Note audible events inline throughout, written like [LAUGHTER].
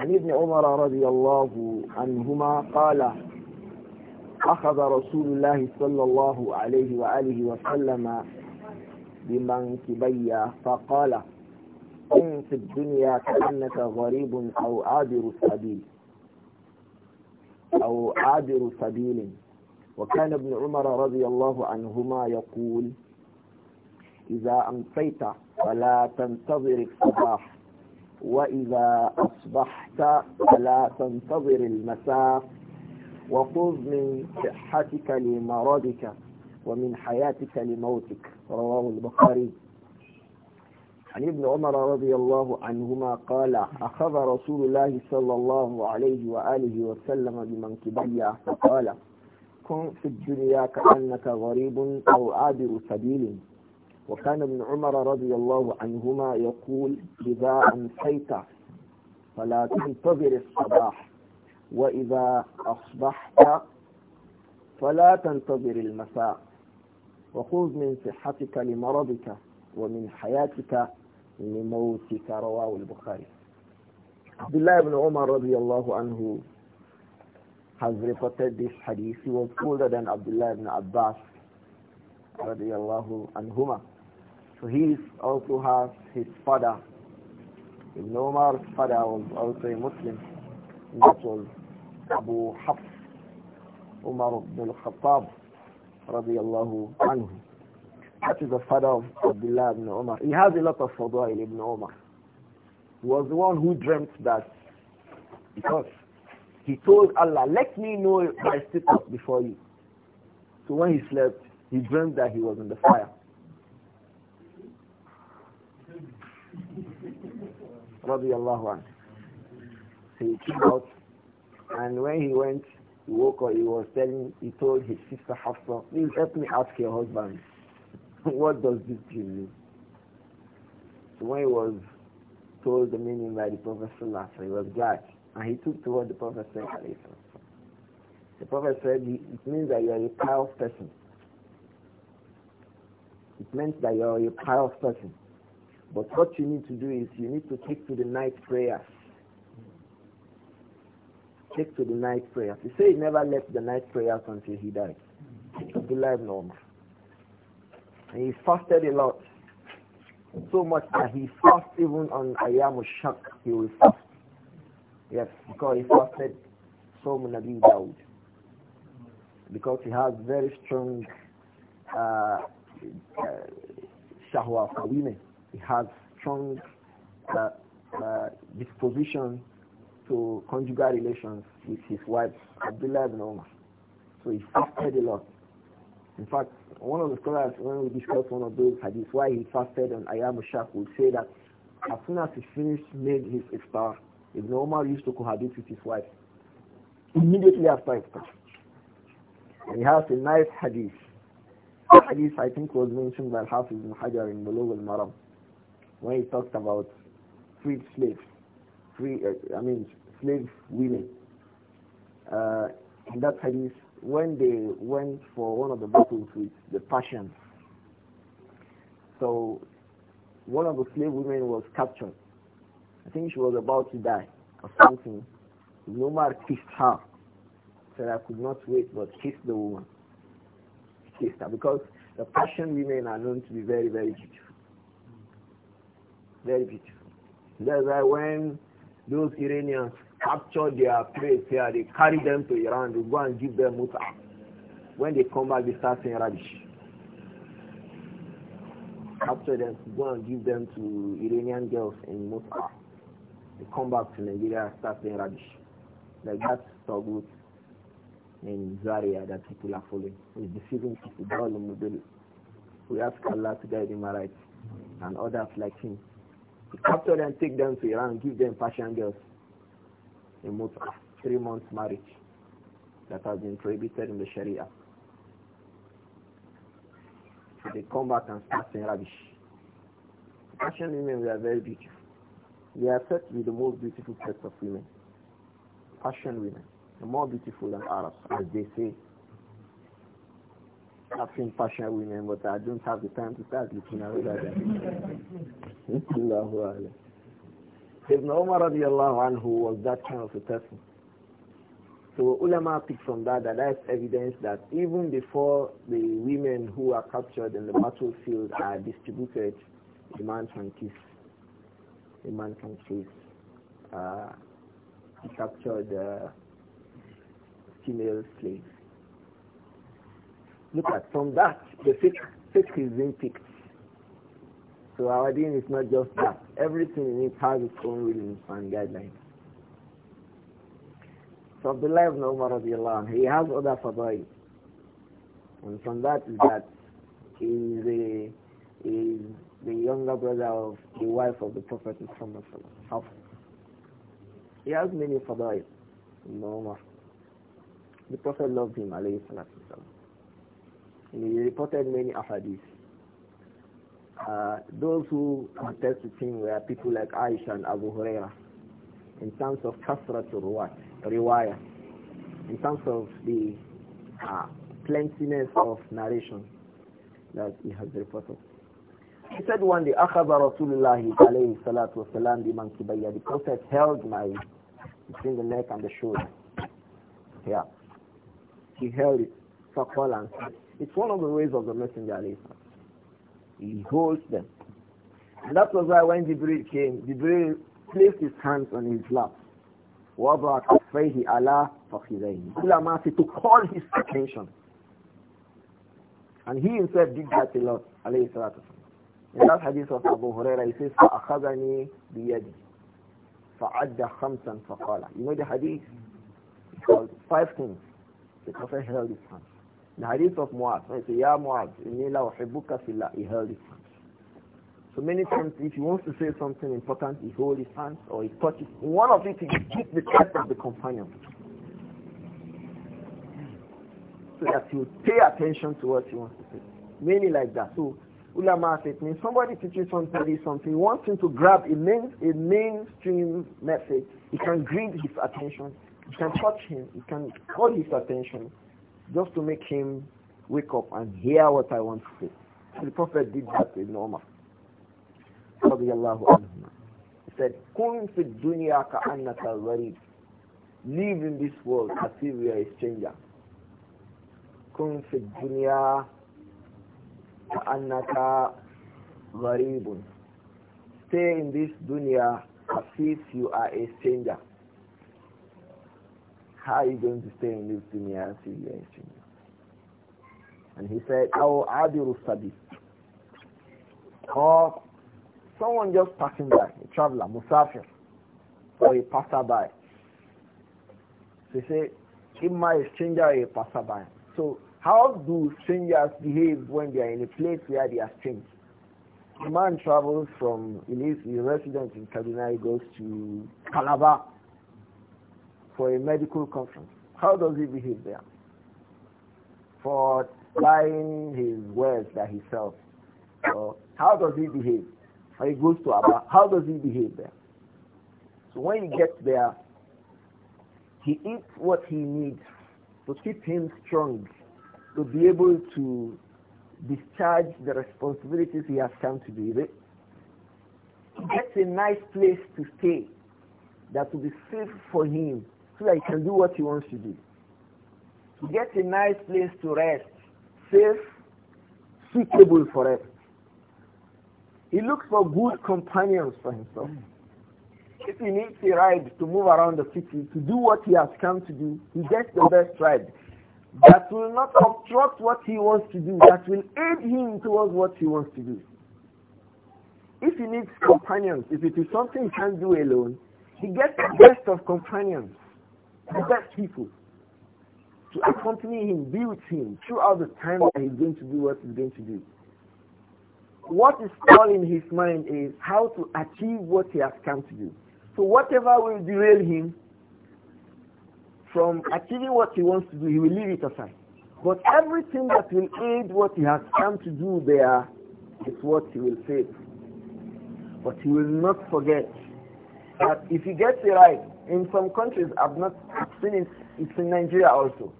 عن ابن عمر رضي الله عنهما قال أخذ رسول الله صلى الله عليه وآله وسلم بمنكبي فقال كن في الدنيا كأنك غريب أو عابر سبيل أو عابر سبيل وكان ابن عمر رضي الله عنهما يقول إذا أمسيت فلا تنتظر الصباح وإذا أصبحت فلا تنتظر المساء وخذ من صحتك لمرضك ومن حياتك لموتك رواه البخاري عن ابن عمر رضي الله عنهما قال أخذ رسول الله صلى الله عليه وآله وسلم بمنكبية فقال كن في الدنيا كأنك غريب أو عابر سبيل وكان ابن عمر رضي الله عنهما يقول إذا أمسيت فلا تنتظر الصباح وإذا أصبحت فلا تنتظر المساء وخذ من صحتك لمرضك ومن حياتك لموتك رواه البخاري عبد الله بن عمر رضي الله عنه has reported this hadith he was older than Abdullah ibn Abbas رضي الله عنهما So he also has his father. Ibn Umar's father was also a Muslim. And that was Abu Hafs Umar ibn al-Khattab radiallahu anhu. That is the father of Abdullah ibn Umar. He has a lot of fadail ibn Umar. He was the one who dreamt that because he told Allah, let me know my status before you. So when he slept, he dreamt that he was in the fire. radiallahu anhu. So he came out, and when he went, he woke up, he was telling, he told his sister Hafsa, please help me ask your husband, [LAUGHS] what does this dream mean? So when he was told the meaning by the Prophet Sallallahu he was glad, and he took to what the Prophet said. The Prophet said, it means that you are a pious person. It means that you are a pious person. But what you need to do is you need to take to the night prayers. Take to the night prayers. He said he never left the night prayers until he died. Abdullah ibn Umar. And he fasted a lot. So much that he fasted even on Ayam Shak, he will fast. Yes, because he fasted many Nabi out. Because he has very strong uh, uh, shahwa for women has strong uh, uh, disposition to conjugal relations with his wife, Abdullah ibn Umar. So he fasted a lot. In fact, one of the scholars, when we discussed one of those hadiths, why he fasted on Ayam Shaq, would say that as soon as he finished, made his iftar, Ibn Umar used to cohabit with his wife immediately after iftar. And he has a nice hadith. The hadith, I think, was mentioned by Hafiz ibn Hajar in Bulugh al-Maram when he talks about freed slaves, free, uh, I mean, slave women. Uh, in that hadith, when they went for one of the battles with the Persians, so one of the slave women was captured. I think she was about to die or something. Nomar kissed her. Said, I could not wait but kiss the woman. He kissed her because the Persian women are known to be very, very beautiful. Very beautiful. That's why when those Iranians capture their prey here, they carry them to Iran, they go and give them muta. When they come back, they start saying rubbish. Capture them, go and give them to Iranian girls in muta. They come back to Nigeria, start saying rubbish. Like that's so good in Zaria that people are following. It's deceiving people. We ask Allah to guide him right and others like him. After them, take them to Iran, give them Persian girls in Muta, three months marriage that has been prohibited in the Sharia. So they come back and start saying rubbish. Persian women are very beautiful. They are said to be the most beautiful sets of women. Persian women, the more beautiful than Arabs, as they say. I've seen passionate women, but I don't have the time to start looking at that. Ibn Umar radiallahu anhu was that kind of a person. So ulama picked from that that that's evidence that even before the women who are captured in the battlefield are distributed, a man can kiss, a man can kiss uh, captured uh, female slaves. Look at from that, the fiqh, fiqh is being picked. So our deen is not just that. Everything in it has its own rules and guidelines. So Abdullah ibn Umar radiallahu anhu, he has other fadai. And from that is that he is the, he is the younger brother of the wife of the Prophet Muhammad He has many fadai. Ibn Umar. The Prophet loved him, alayhi salatu he reported many ahadith. Uh, those who attest to him were people like Aisha and Abu Huraira in terms of kasratul ruwat, riwayah, in terms of the uh, plentiness of narration that he has reported. He said one day, أخذ رسول الله عليه الصلاة والسلام بمنكبية. The Prophet held my between the neck and the shoulder. Yeah. He held it. فقال and said, it's one of the ways of the Messenger. He holds them. And that was why when Jibril came, Jibril placed his hands on his lap. Allah for his فَخِذَيْهِ Ulama said to call his attention. And he himself did that a lot, In that hadith of Abu Hurairah, he says, "For بِيَدِي فَعَدَّ for فَقَالَ You know the hadith? It's called five things. The Prophet held his hands. The hadith of Mu'az, when Ya Mu'az, inila uhibbuka fillah, he held So many times, if he wants to say something important, he holds his hands or he touches. one of it, to keep the trust of the companion. So that he will pay attention to what he wants to say. Many like that. So, ulama said, when somebody teaches somebody something, he wants him to grab a, main, a mainstream message, he can grab his attention, he can touch him, he can call his attention, just to make him wake up and hear what I want to say. The Prophet did that in Umar. He said, Kun fi dunya ka annaka gharib. Live in this world as if you are a stranger. Kun fi dunya ka annaka gharibun. Stay in this dunya as if you are a stranger. How are you going to stay in this dunya until you are in And he said, Our Adiru Sadiq. Or someone just passing by, a traveler, Musafir, or a passerby. he say, Imma a stranger or a passerby. So how do strangers behave when they are in a place where they are strange? A man travels from, he lives, he's a resident in Kaduna, he goes to Calabar for a medical conference, how does he behave there? For buying his wares that he sells, so how does he behave? When he goes to Abba, how does he behave there? So when he gets there, he eats what he needs to keep him strong, to be able to discharge the responsibilities he has come to do with. He gets a nice place to stay that will be safe for him so that he can do what he wants to do. He gets a nice place to rest, safe, suitable for rest. He looks for good companions for himself. If he needs a ride to move around the city, to do what he has come to do, he gets the best ride. That will not obstruct what he wants to do, that will aid him towards what he wants to do. If he needs companions, if it is something he can't do alone, he gets the best of companions the best people to accompany him, be with him throughout the time that he's going to do what he's going to do. What is all in his mind is how to achieve what he has come to do. So whatever will derail him from achieving what he wants to do, he will leave it aside. But everything that will aid what he has come to do there is what he will save. But he will not forget that if he gets it right, in some countries I've not seen it. It's in Nigeria also.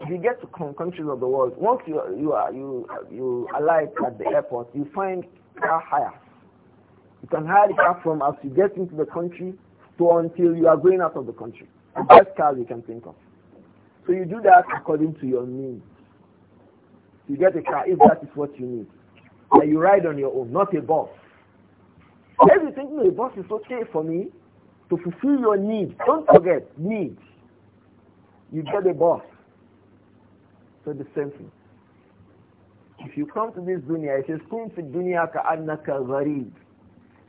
If you get to countries of the world, once you you are you you arrive at the airport, you find car hire. You can hire the car from as you get into the country to until you are going out of the country. The best car you can think of. So you do that according to your needs. You get a car if that is what you need. And you ride on your own, not a bus. If you think no, a bus is okay for me, to fulfill your needs. Don't forget, needs. You get a boss. So the same thing. If you come to this dunya, it says, Kun fi dunya ka annaka gharib.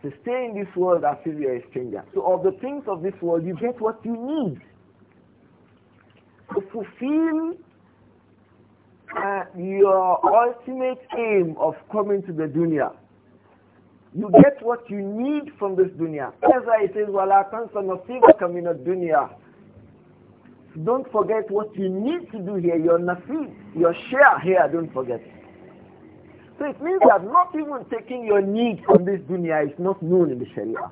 To stay in this world as if you're a stranger. So of the things of this world, you get what you need. To fulfill uh, your ultimate aim of coming to the dunya. You get what you need from this dunya. That's why it says, وَلَا in a dunya." الدُّنْيَا Don't forget what you need to do here, your nasib, your share here, don't forget. So it means that not even taking your need from this dunya is not known in the Sharia.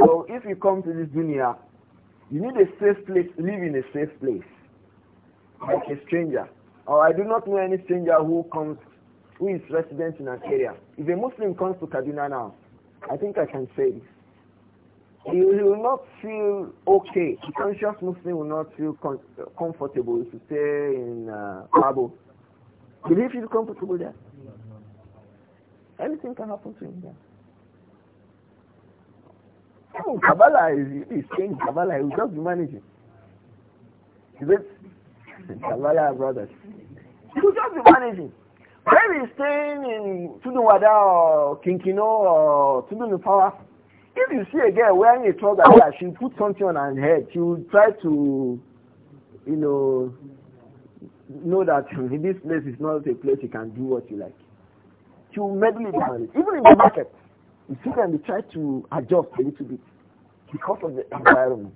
So if you come to this dunya, you need a safe place, live in a safe place, like a stranger. Or I do not know any stranger who comes who is resident in that area. If a Muslim comes to Kaduna now, I think I can say this. He, will not feel okay. A conscious Muslim will not feel com comfortable to stay in uh, Kabul. Will he feel comfortable there? Anything can happen to him there. Oh, Kabbalah is, is saying Kabbalah, he will just be managing. He it? [LAUGHS] Kabbalah brothers. He will just be managing. Maybe staying in Tudunwada or Kinkino or Tudunupawa, if you see a girl wearing a trouser she'll put something on her head. She will try to, you know, know that hmm, this place is not a place you can do what you like. She will meddle it Even in the market, you see them, they try to adjust a little bit because of the environment.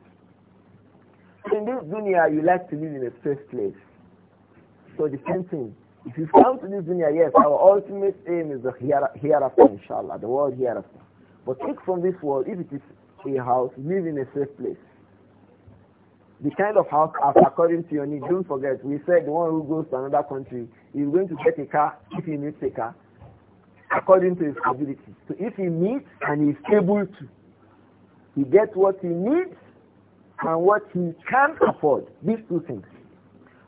In this dunya, you like to live in a safe place. So the same thing. If you come to this dunya, yes, our ultimate aim is the hereafter, inshallah, the world hereafter. But take from this world, if it is a house, live in a safe place. The kind of house, according to your need, don't forget, we said the one who goes to another country is going to get a car if he needs a car, according to his ability. So if he needs and is able to, he gets what he needs and what he can afford, these two things.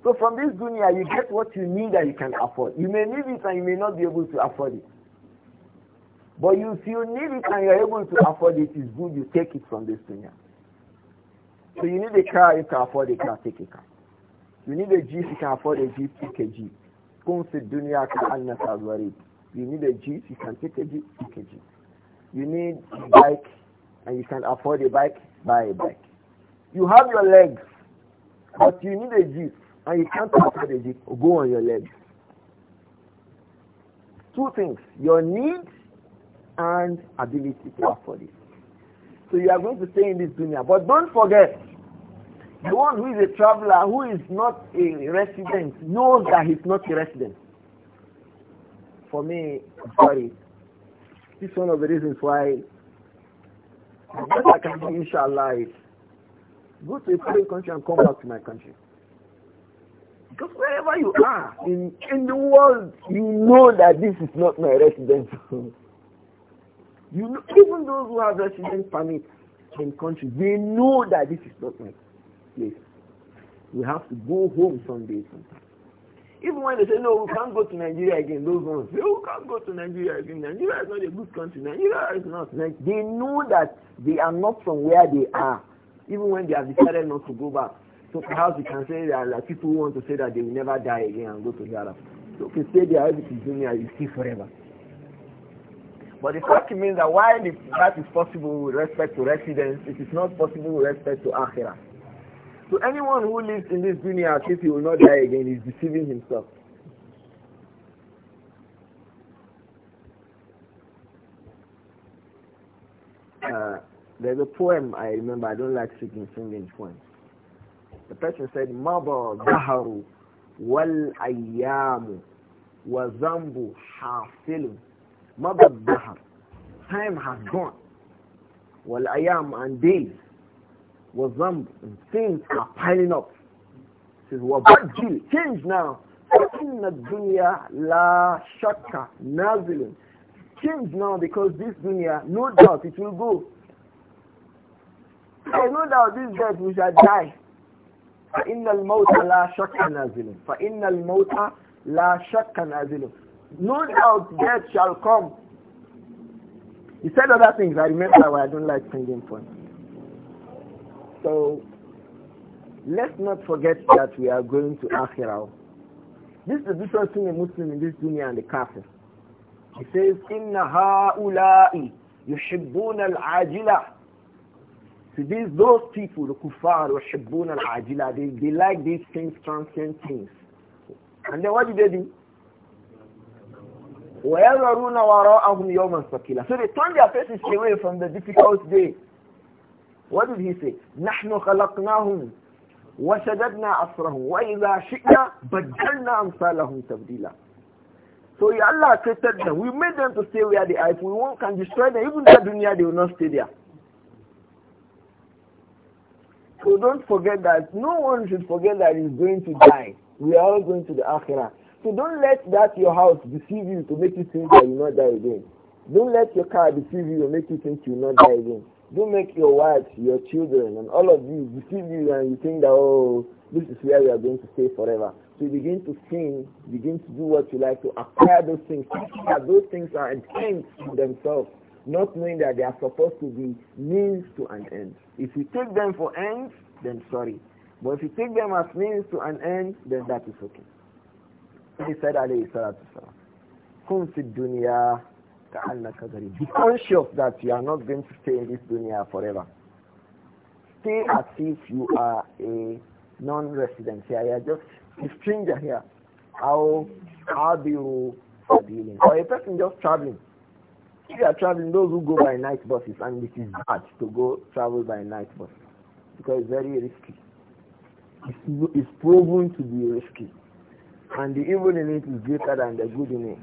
So from this dunya, you get what you need that you can afford. You may need it and you may not be able to afford it. But if you need it and you're able to afford it, it's good you take it from this dunya. So you need a car, you can afford a car, take a car. You need a jeep, you can afford a jeep, take a jeep. You need a jeep, you can take a jeep, take a jeep. You need a bike and you can afford a bike, buy a bike. You have your legs, but you need a jeep and you can't avoid Egypt, go on your legs. Two things, your needs and ability to afford it. So you are going to stay in this dunya. But don't forget, the one who is a traveler, who is not a resident, knows that he's not a resident. For me, I'm sorry. This is one of the reasons why the best I can do, inshallah, is go to a foreign country and come back to my country. Because wherever you are in, in the world, you know that this is not my residence. [LAUGHS] you know, even those who have residence permit in countries, they know that this is not my place. We have to go home someday sometimes. Even when they say, no, we can't go to Nigeria again, those ones say, oh, we can't go to Nigeria again. Nigeria is not a good country. Nigeria is not. they know that they are not from where they are, even when they have decided not to go back. So perhaps you can say that like, people want to say that they will never die again and go to the hereafter. So can say they are to junior, you see forever. But the fact means that while that is possible with respect to residence, it is not possible with respect to akhirah. So anyone who lives in this dunya as if he will not die again is deceiving himself. Uh, there's a poem I remember, I don't like speaking singing poems. The person said, Mada daharu wal ayyamu wa zambu hafilun. Mada dahar. Time has gone. Wal ayyam and days. Wa zambu. And things are piling up. says, Wa Change now. فَإِنَّ الدُّنْيَا لَا شَكَّ Change now because this dunya, no doubt it will go. I know that this death we shall die. فإن الموت لا شك نازل فإن الموت لا شك نازل No doubt death shall come. He said other things. I remember why I don't like singing for So let's not forget that we are going to Akhirah. This is the difference between a Muslim in this dunya and the kafir. He says, إِنَّ هَؤُلَاءِ يُحِبُّونَ الْعَاجِلَةِ See, these, those people, the kuffar, the shibbun al-ajila, they, they like these things, transient things. And then what do they do? وَيَذَرُونَ وَرَاءَهُمْ يَوْمًا ثَقِيلًا So they turn their faces away from the difficult day. What did he say? نَحْنُ خَلَقْنَاهُمْ وَشَدَدْنَا أَسْرَهُمْ وَإِذَا شِئْنَا بَدَّلْنَا أَمْثَالَهُم تَبْدِيلًا So Allah created them. We made them to stay where they are. If we want, can destroy them. Even that dunya, they will not stay there. So don't forget that no one should forget that he's going to die. We are all going to the Akhirah. So don't let that your house deceive you to make you think that you will not die again. Don't let your car deceive you and make you think you will not die again. Don't make your wife, your children, and all of you deceive you and you think that, oh, this is where we are going to stay forever. So you begin to sin, begin to do what you like, to acquire those things. That those things are in themselves not knowing that they are supposed to be means to an end. If you take them for ends, then sorry. But if you take them as means to an end, then that is okay. He said, alayhi salatu salam, kun fi dunya ka'annaka gharib. Be conscious that you are not going to stay in this dunya forever. Stay as if you are a non-resident here. You are just a stranger here. How, how do you, or a person just traveling. We are traveling, those who go by night buses, and it is bad to go travel by night bus because it's very risky. It's, it's proven to be risky. And the evil in it is greater than the good in it,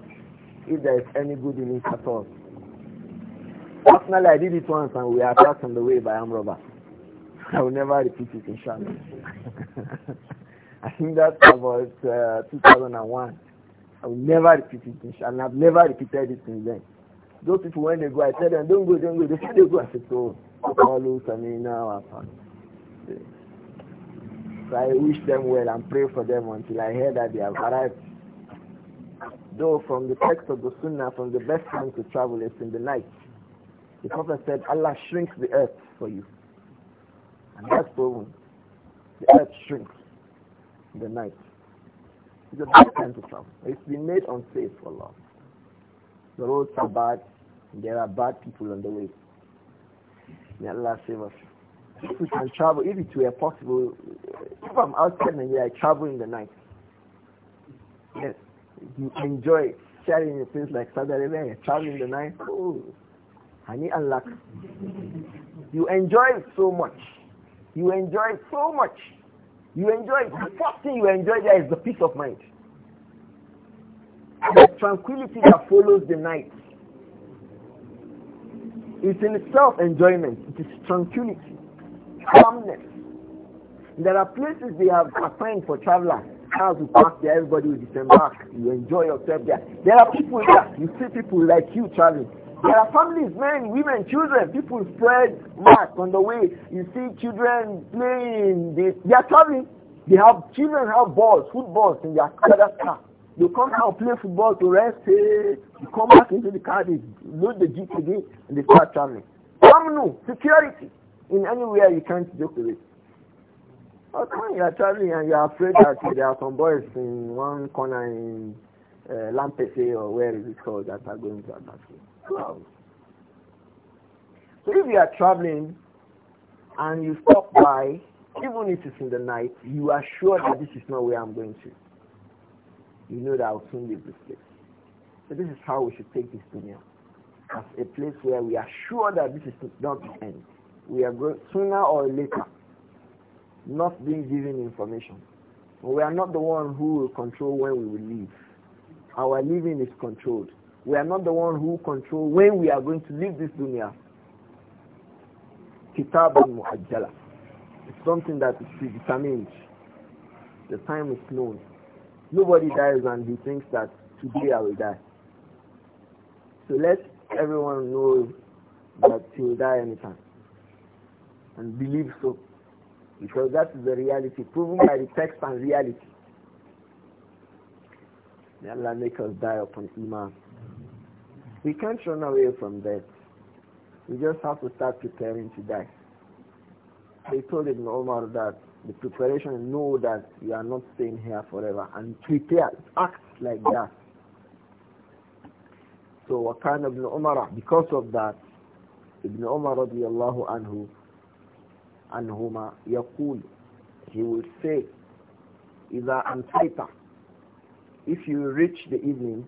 if there is any good in it at all. Personally, I did it once and we were attacked on the way by arm robber. [LAUGHS] I will never repeat it, inshallah. [LAUGHS] I think that about uh, 2001. I will never repeat it, inshallah. I've never repeated it since then. Those people, when they go, I tell them, don't go, don't go. They say they go. I say, so, follow Samina Wafan. So I wish them well and pray for them until I hear that they have arrived. Though from the text of the Sunnah, from the best time to travel is in the night. The Prophet said, Allah shrinks the earth for you. And that's proven. The earth shrinks in the night. It's a best time to travel. It's been made unsafe for Allah. The roads are bad. There are bad people on the way. May Allah save us. If we can travel, if it were possible, if I'm outside and I travel in the night. Yes. You enjoy sharing in things like Saudi Arabia, traveling in the night. Oh, honey and luck. You enjoy it so much. You enjoy it so much. You enjoy it. The first thing you enjoy there is the peace of mind the tranquility that follows the night is in itself enjoyment. It is tranquility, calmness. There are places they have assigned for travelers. Cars will park there, everybody will disembark. You enjoy yourself there. There are people there. You see people like you traveling. There are families, men, women, children. People spread mass on the way. You see children playing. They, they are traveling. They have children have balls, footballs in their car. You come out, play football to rest, hey, eh, you come back into the car, they load the jeep again, and they start traveling. no security. In anywhere you can't joke with it. But when you are traveling and you are afraid that eh, there are some boys in one corner in uh, Lampese or where is it called that are going to attack you. So if you are traveling and you stop by, even if it's in the night, you are sure that this is not where I'm going to you know that I'll soon leave this place. So this is how we should take this dunya as a place where we are sure that this is not the end. We are going sooner or later not being given information. We are not the one who will control when we will leave. Our living is controlled. We are not the one who control when we are going to leave this dunya. Kitab al It's something that is predetermined. The time is known. Nobody dies and he thinks that today I will die. So let everyone know that he will die anytime. And believe so. Because that is the reality, proven by the text and reality. May Allah make us die upon Iman. We can't run away from death. We just have to start preparing to die. They told Ibn Omar that the preparation, know that you are not staying here forever and prepare, act like that. So kind ibn Umar, because of that, Ibn Umar radiallahu anhu, anhuma, yaqul, he will say, إذا أمسيت, if you reach the evening,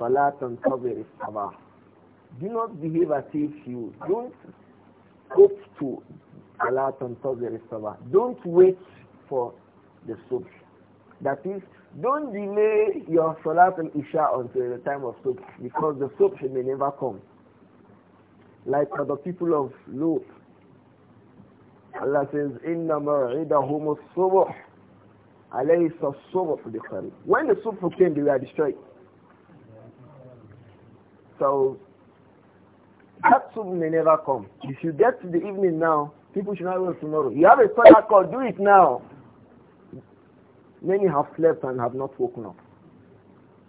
فلا تنتظر الصباح. Do not behave as if you don't hope to don't wait for the soup. That is, don't delay your Salat al-Isha until the time of soup because the soup may never come. Like the people of Lut. Allah says, إِنَّ مَرْعِدَهُمُ الصُّبُحُ عَلَيْسَ الصُّبُحُ بِقَرِيبٍ When the soup came, they were destroyed. So, that soup may never come. If you get to the evening now, People should not wait tomorrow. You have a prayer call, do it now. Many have slept and have not woken up.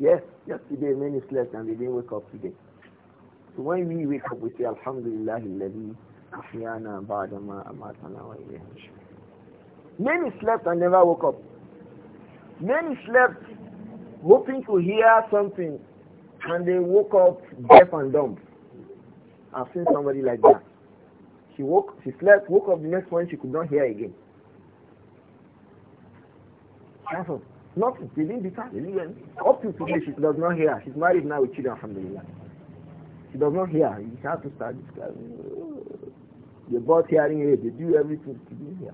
Yes, yesterday many slept and they didn't wake up today. So when we wake up, we say, Alhamdulillah, الذي أحيانا بعدما أماتنا Many slept and never woke up. Many slept hoping to hear something and they woke up deaf and dumb. I've seen somebody like that. She woke, she slept, woke up the next morning, she could not hear again. That's Nothing. They didn't deter, they didn't. Up to today, she does not hear. She's married now with children, alhamdulillah. She does not hear. You have to start describing. They bought hearing aid, they do everything. She didn't hear.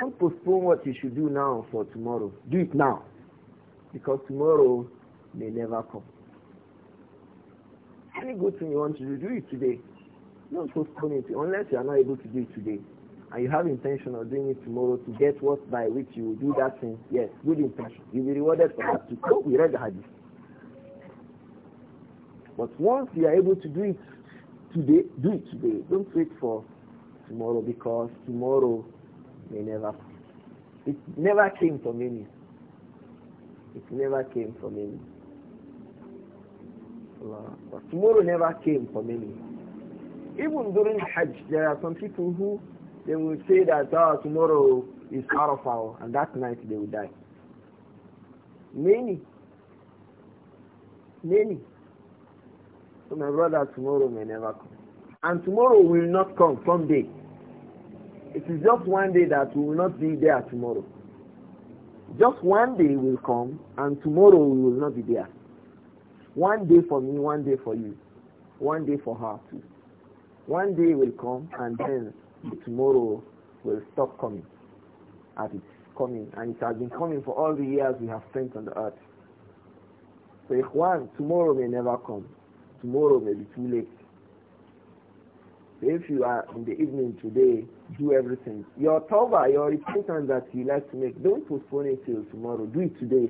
Don't postpone what you should do now for tomorrow. Do it now. Because tomorrow may never come. Any good thing you want to do, do it today. Don't postpone it unless you are not able to do it today. And you have intention of doing it tomorrow to get what by which you will do that thing. Yes, good intention. You will be rewarded for that too. we read the hadith. But once you are able to do it today, do it today. Don't wait for tomorrow because tomorrow may never it never came for many. It never came for many. But tomorrow never came for many. Even during Hajj, there are some people who they will say that oh, tomorrow is Arafah and that night they will die. Many. Many. So my brother, tomorrow may never come. And tomorrow will not come, someday. It is just one day that we will not be there tomorrow. Just one day will come and tomorrow we will not be there. One day for me, one day for you, one day for her too. One day will come and then tomorrow will stop coming as it's coming and it has been coming for all the years we have spent on the earth. So one tomorrow may never come. Tomorrow may be too late. if you are in the evening today, do everything. Your tawbah, your repentance that you like to make, don't postpone it till tomorrow. Do it today.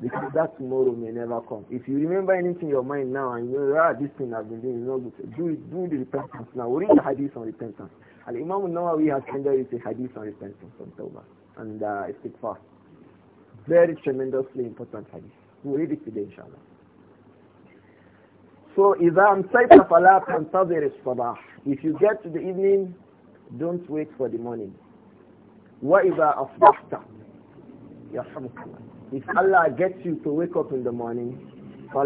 Because that tomorrow may never come. If you remember anything in your mind now and you know, ah, this thing has been doing is not good, do, it, do the repentance now. Read the hadith on repentance. And Imam Nawawi has rendered it a hadith on repentance from Tawbah and uh, istighfar. Very tremendously important hadith. We'll read it today, inshallah. So, إذا أمسيت فلا تنتظر الصباح. If you get to the evening, don't wait for the morning. What is أصبحت if Allah gets you to wake up in the morning, Do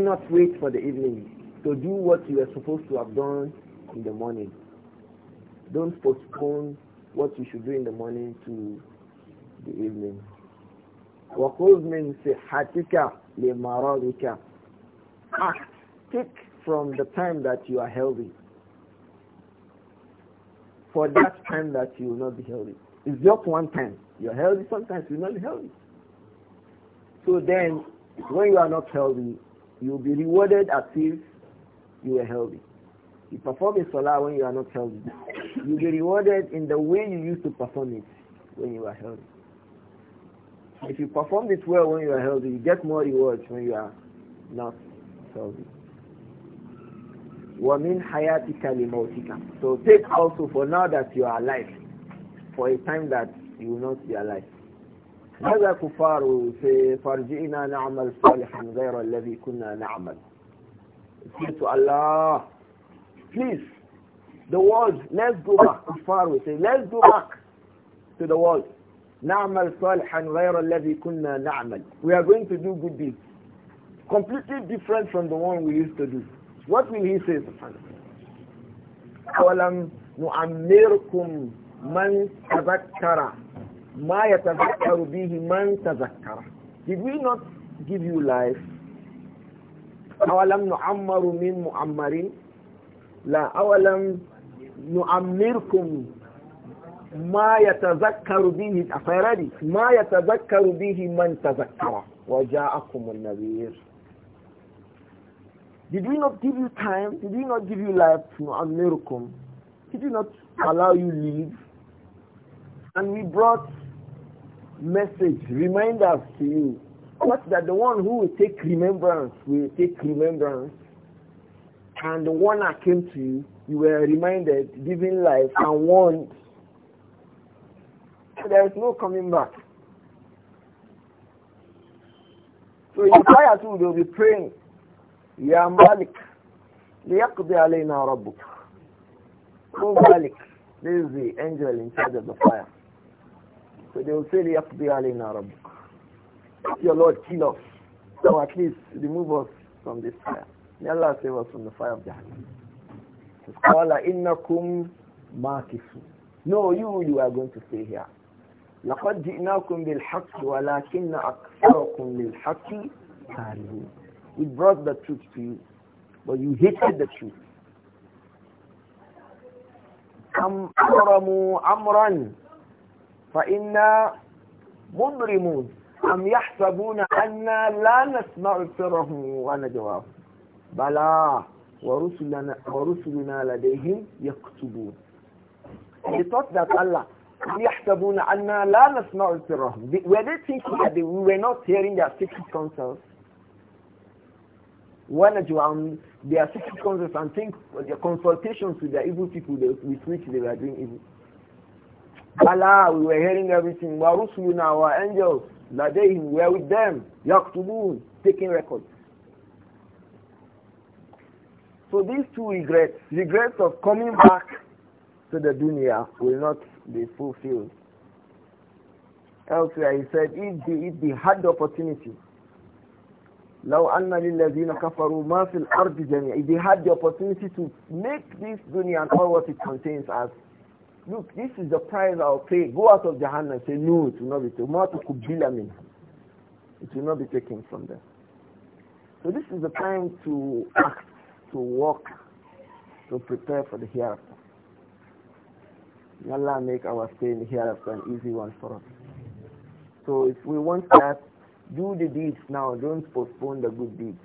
not wait for the evening to do what you are supposed to have done in the morning. Don't postpone what you should do in the morning to the evening. وَخُذْ مِنْ صِحَّتِكَ لِمَرَضِكَ Act, take from the time that you are healthy for that time that you will not be healthy. It's just one time. You're healthy, sometimes you're not healthy. So then, when you are not healthy, you'll be rewarded as if you were healthy. You perform a salah when you are not healthy. You'll be rewarded in the way you used to perform it when you are healthy. If you perform it well when you are healthy, you get more rewards when you are not healthy. وَمِنْ حَيَاتِكَ لِمَوْتِكَ So take also for now that you are alive for a time that you will not be alive. هذا كفار في فرجئنا نعمل صالحا غير الذي كنا نعمل. Say to Allah, please, the world, let's go back. Kufar will say, let's go back to the world. نعمل صالحا غير الذي كنا نعمل. We are going to do good deeds. Completely different from the one we used to do. What will he say? أولم نعمركم man tazakkara ma yatazakkaru bihi man tazakkara did we not give you life awalam nu'ammaru min mu'ammarin la awalam nu'ammirkum ma yatazakkaru bihi afaradi ma yatazakkaru bihi man tazakkara wa ja'akum an-nadhir did we not give you time did we not give you life nu'ammirukum did we not allow you live and we brought message, reminders to you. What that the one who will take remembrance will take remembrance. And the one that came to you, you were reminded, given life and warned. There is no coming back. So in prayer too, they'll be praying, Ya Malik, liyakbi alayna rabbuk. Oh Malik, this is the angel in charge of the fire. So they will say, لِيَقْضِيَ عَلَيْنَا رَبُّكَ Let your Lord kill us, or at least remove us from this fire. May Allah save us from the fire of Jahannam. قَالَ إِنَّكُمْ مَاكِفُونَ No, you, you are going to stay here. لَقَدْ جِئْنَاكُمْ بِالْحَقِّ وَلَكِنَّ أَكْثَرَكُمْ لِلْحَقِّ كَارِهُونَ We brought the truth to you, but you hated the truth. أَمْ أَمْرَمُوا أَمْرًا فإنا مبرمون أم يحسبون أنا لا نسمع سرهم ونجواهم بلى ورسلنا, ورسلنا لديهم يكتبون They thought that Allah يحسبون أنا لا نسمع سرهم Were they thinking that they, we were not hearing their secret counsels? ونجواهم their secret counsels and think their consultations with the evil people with which they were doing evil Allah, we were hearing everything. our angels, we were with them. Yaqtubun, taking records. So these two regrets, regrets of coming back to the dunya will not be fulfilled. Elsewhere he said, if they, if they had the opportunity, لو أن للذين كفروا ما في الأرض جميعا if they had the opportunity to make this dunya and all what it contains as look, this is the price I'll pay. Go out of Jahannam and say, no, it will not be taken. It will not be taken from them. So this is the time to act, to work, to prepare for the hereafter. May Allah make our stay in the hereafter an easy one for us. So if we want that, do the deeds now. Don't postpone the good deeds.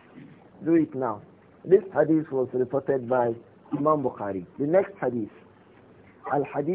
Do it now. This hadith was reported by Imam Bukhari. The next hadith. الحديث